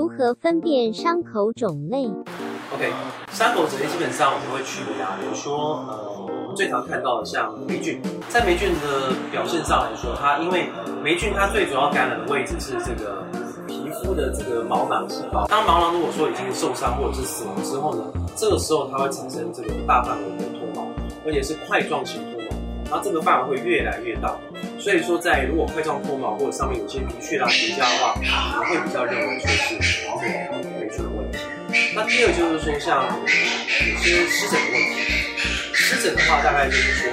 如何分辨傷口種類？OK，傷口種類基本上我們會區分啊，比如說，呃，我們最常看到的像黴菌，在黴菌的表現上來說，它因為黴菌它最主要感染的位置是這個皮膚的這個毛囊細胞，當毛囊如果說已經受傷或者是死亡之後呢，這個時候它會產生這個大範圍的脫毛，而且是塊狀型脫毛，然後這個範圍會越來越大。所以說，在如果塊狀脫毛，或者上面有些出血啊、結痂的話，我們會比較認為說是皮膚裡面出了問題。那第二就是說，像有些濕疹的問題。濕疹的話，大概就是說，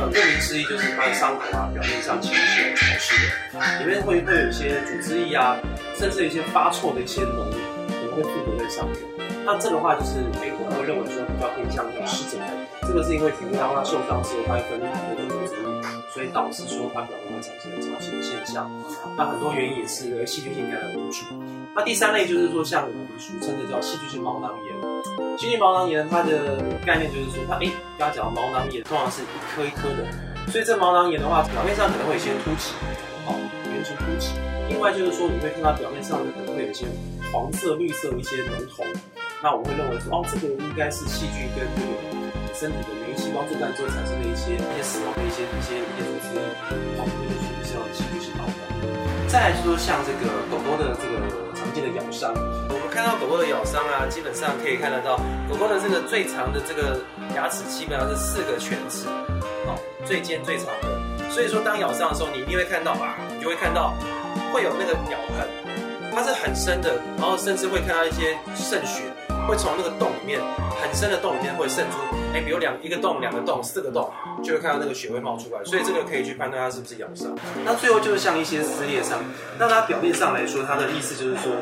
呃，顧名思義，就是他的傷口啊，表面上其實是潮濕的，裡面會會有些組織液啊，甚至一些發臭的一些膿，也會附着在上面。那這個話就是，我們會認為說比較偏向於濕疹。這個是因為皮膚當它受傷之後，它會分泌很多的。所以導致說它表面會產生潮濕的現象，那很多原因也是因為細菌性感染的。那第三類就是說，像我們俗稱的叫細菌性毛囊炎。細菌毛囊炎它的概念就是說，它、欸、誒，剛才講毛囊炎通常是一顆一顆的，所以這毛囊炎的話，表面上可能會有些凸起，好、喔，圓形凸起。另外就是說，你會看到表面上可能會有些黃色、綠色的一些膿頭，那我會認為說，哦、喔，這個應該是細菌跟這個身體的免疫細胞負擔就會產生的一些一些死亡的一些一些一些一些紅血球這樣的急性死亡。再來就是說，像這個狗狗的這個常見的咬傷，我們看到狗狗的咬傷啊，基本上可以看得到狗狗的這個最長的這個牙齒基本上是四個犬齒，好，最尖最長的，所以說當咬傷的時候，你一定會看到啊，你就會看到會有那個咬痕，它是很深的，然後甚至會看到一些滲血。會從那個洞裡面很深的洞裡面會滲出，哎，比如兩一個洞、兩個洞、四個洞，就會看到那個血會冒出來。所以這個可以去判斷它是不是咬傷。嗯、那最後就是像一些撕裂傷，那它表面上來說，它的意思就是說，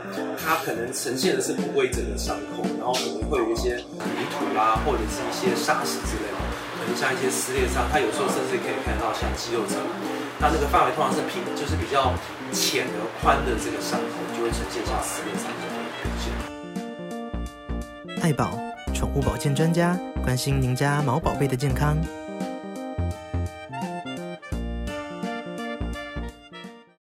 它可能呈現的是不規則的傷口，然後可能會有一些泥土啦、啊，或者是一些沙石之類的，可能像一些撕裂傷，它有時候甚至可以看到像肌肉層。那這個範圍通常是平，就是比較淺而寬的這個傷口，就會呈現像撕裂傷這種表現。愛寶寵物保健專家，關心您家毛寶貝的健康。